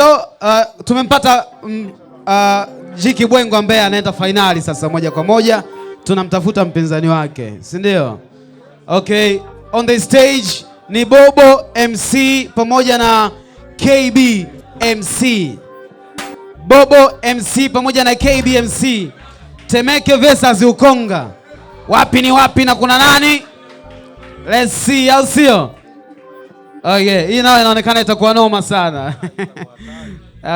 So uh, tumempata um, uh, Jiki Bwengo ambaye anaenda fainali sasa moja kwa moja, tunamtafuta mpinzani wake, si ndio? Okay, on the stage ni Bobo MC pamoja na KB MC. Bobo MC pamoja na KB MC. Temeke versus Ukonga, wapi ni wapi na kuna nani? Let's see, au sio? Okay, hii nayo inaonekana itakuwa noma sana.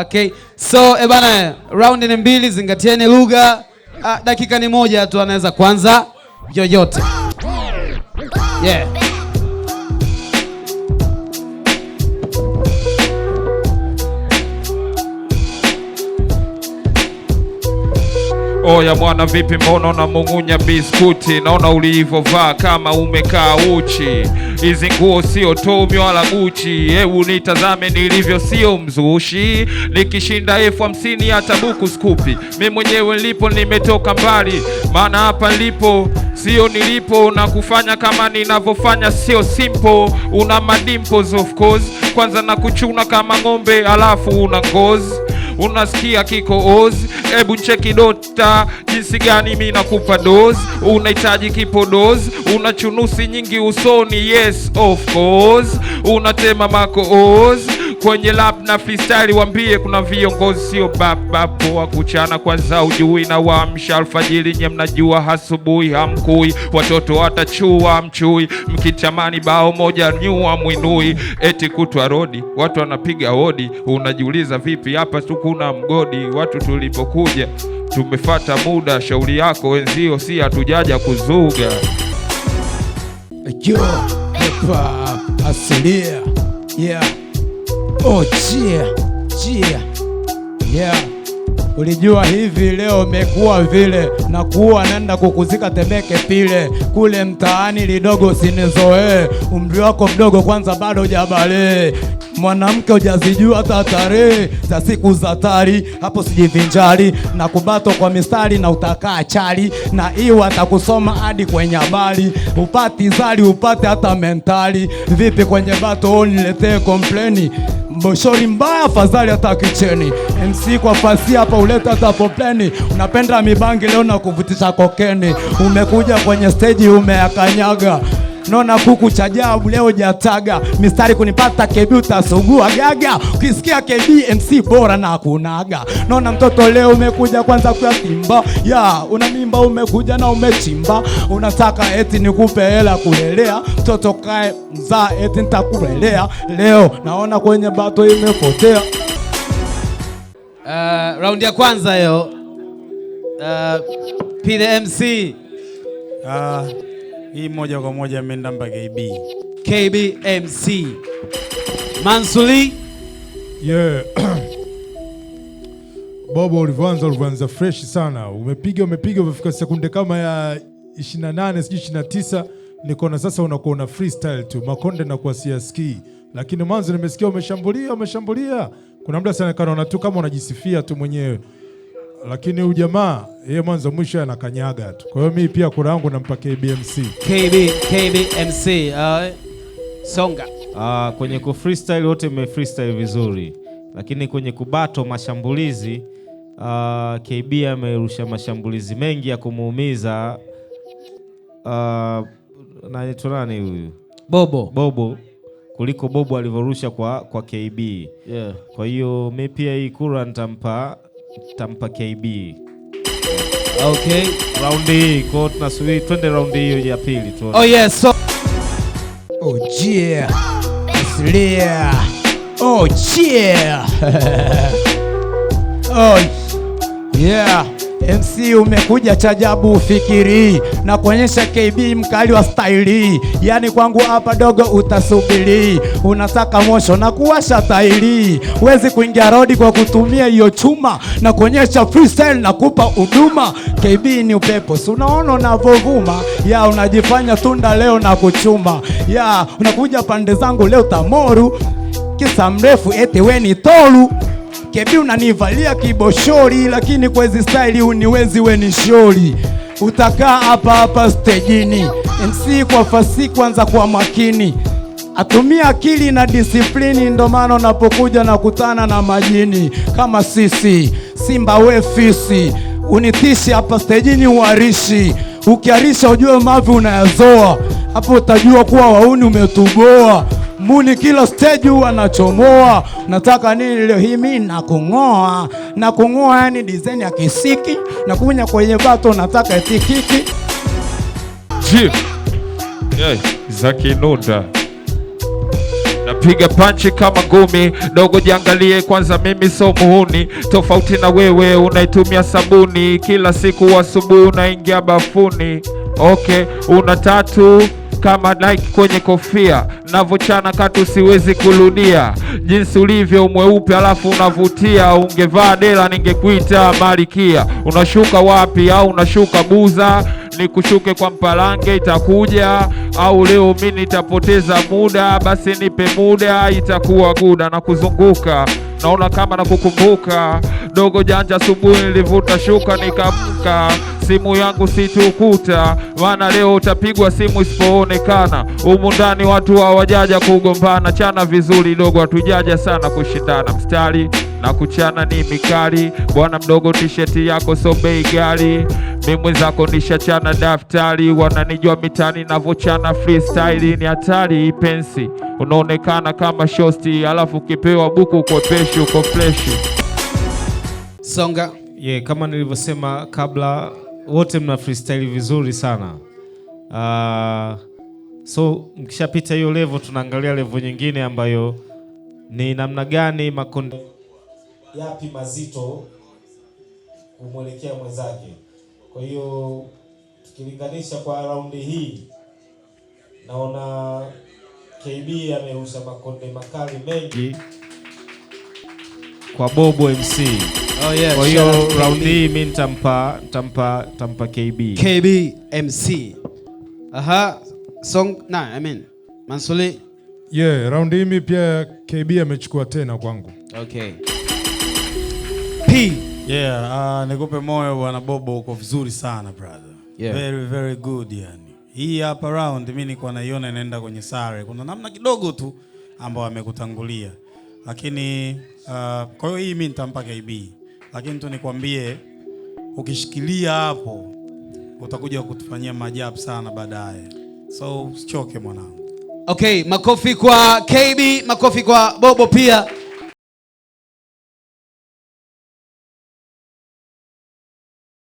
Okay. So ebana, eh, bana, round ni mbili, zingatieni lugha. Ah, dakika ni moja tu anaweza kwanza yoyote. Yeah. Oya bwana, vipi, mbona unamung'unya biskuti? Naona ulivyovaa kama umekaa uchi. Hizi nguo sio Tommy wala Gucci, hebu nitazame nilivyo, sio mzushi. Nikishinda elfu hamsini hata buku skupi, mi mwenyewe nilipo, nimetoka mbali, maana hapa nilipo sio nilipo, na kufanya kama ninavyofanya sio simple. Una madimples of course, kwanza na kuchuna kama ng'ombe, alafu una ngozi unasikia kikohozi, Ebu cheki dota, jinsi gani mi nakupa dozi. Unahitaji kipodozi, una chunusi nyingi usoni, yes of course, unatema makohozi kwenye lab na freestyle, wambie kuna viongozi sio babapo wa kuchana, kwanza ujui na waamsha alfajili nye mnajua asubuhi hamkui, watoto watachua mchui, mkitamani bao moja nyua mwinui, eti kutwa rodi watu wanapiga hodi, unajiuliza vipi hapa tu kuna mgodi, watu tulipokuja tumefata muda, shauri yako wenzio, si hatujaja kuzuga Yo, hip hop asilia yeah Oh, yeah. Yeah. Yeah. Ulijua hivi leo mekuwa vile na kuwa nenda kukuzika Temeke pile kule mtaani lidogo, usinizoee umri wako mdogo, kwanza bado hujabalee mwanamke ujazijua hata tarehe za siku za tari, hapo sijivinjari na kubato kwa mistari na utakaa chali na iwa atakusoma hadi kwenye habari, upati zari upate hata mentali. Vipi kwenye bato niletee kompleni mboshoni mbaya, fadhali hata kicheni. MC kwa fasi hapa uleta hata popeni, unapenda mibangi leo na kuvutisha kokeni, umekuja kwenye steji umeyakanyaga naona kuku cha jabu leo jataga mistari kunipata KB utasugua gaga, ukisikia KB MC bora na kunaga. Naona mtoto leo umekuja kwanza kwa Simba ya una mimba umekuja na umechimba, unataka eti nikupe hela kulelea mtoto kae mzaa eti nitakulelea leo. Naona kwenye bato imepotea. Uh, ya kwanza hiyo uh, eh, MC uh, ah. Hii moja kwa moja imeenda mpaka KB. KB MC. Mansuri. Yeah. Bobo ulivyoanza ulivyoanza fresh sana. Umepiga umepiga umefika sekunde kama ya 28 sijui 29 nikona sasa unakuwa una freestyle tu. Makonde na kwa ski, Lakini mwanzo nimesikia umeshambulia umeshambulia. Kuna muda sana kana tu kama unajisifia tu mwenyewe lakini huyu jamaa yeye mwanzo mwisho anakanyaga tu. Kwa hiyo mimi pia kura yangu nampa KBMC. KB, KBMC. Uh, songa. Uh, kwenye ku freestyle wote mme freestyle vizuri, lakini kwenye kubato mashambulizi uh, ah, KB amerusha mashambulizi mengi ya kumuumiza uh, ah, naitwa nani huyu Bobo, Bobo kuliko Bobo alivyorusha kwa, kwa KB yeah. Kwa hiyo mi pia hii kura nitampa tampa KB. Okay, round hii kwa tunasubiri twende round hiyo e ya pili tu. Oh yes. So oh yeah. Yeah. Oh yeah. Oh yeah. MC umekuja chajabu ufikiri na kuonyesha KB mkali wa staili, yani kwangu hapa dogo utasubiri, unataka mosho na kuwasha tairi, wezi kuingia rodi kwa kutumia hiyo chuma na kuonyesha freestyle na kupa huduma. KB ni upepo, si unaona unavovuma, ya unajifanya tunda leo na kuchuma, ya unakuja pande zangu leo tamoru, kisa mrefu eti weni toru kebi unanivalia kiboshori, lakini kwa hizi staili uniwezi weni shori. Utakaa hapa hapa stejini, MC kwa fasi kwanza kwa makini, atumia akili na disiplini, ndo maana unapokuja na kutana na majini kama sisi Simba we fisi, unitishi hapa stejini uarishi, ukiarisha ujue mavi unayazoa, hapo utajua kuwa wauni umetuboa. Muni kila stage huwa nachomoa Nataka nini leo hii? Mimi nakung'oa, nakung'oa yani design ya kisiki na kunya kwenye bato, nataka tikiki yeah, za kinunda napiga panchi kama ngumi dogo, jiangalie kwanza, mimi so muhuni tofauti na wewe, unaitumia sabuni kila siku, asubuhi unaingia bafuni. Okay, una tatu kama Nike kwenye kofia, navochana katu usiwezi kurudia, jinsi ulivyo mweupe alafu unavutia, ungevaa dela ningekuita malikia. Unashuka wapi au unashuka Buza? Nikushuke kwa Mpalange itakuja au leo mi nitapoteza muda? Basi nipe muda, itakuwa guda na kuzunguka naona kama nakukumbuka, dogo janja, asubuhi nilivuta shuka nikamka simu yangu situkuta, maana leo utapigwa simu isipoonekana. Humu ndani watu hawajaja kugombana, chana vizuri dogo, hatujaja sana kushindana mstari na kuchana ni mikali bwana mdogo, tisheti yako so bei ghali, zako nisha nishachana daftari, wananijua mitani navochana freestyle ni hatari, ipensi unaonekana kama shosti, alafu ukipewa buku kwa peshi uko freshi. Songa yeah, kama nilivyosema kabla wote mna freestyle vizuri sana uh, so mkishapita hiyo level, tunaangalia level nyingine ambayo ni namna gani makundi yapi mazito kumwelekea mwenzake. Kwa hiyo tukilinganisha kwa raundi hii, naona KB ameusha makonde makali mengi kwa Bobo MC. Oh yeah. Kwa hiyo round hii mi nitampa tampa, tampa KB. KB MC. Aha, song na I mean Mansuli. Yeah, round hii mi pia KB amechukua tena kwangu. Okay. P. Yeah, uh, nikupe moyo bwana Bobo, uko vizuri sana brother. Yeah. Very very good yani. Hii hapa round mi nilikuwa naiona inaenda kwenye sare. Kuna namna kidogo tu ambao amekutangulia. Lakini uh, kwa hiyo hii mi nitampa KB lakini tu nikwambie, ukishikilia hapo utakuja kutufanyia maajabu sana baadaye, so usichoke mwanangu. Okay, makofi kwa KB, makofi kwa Bobo pia.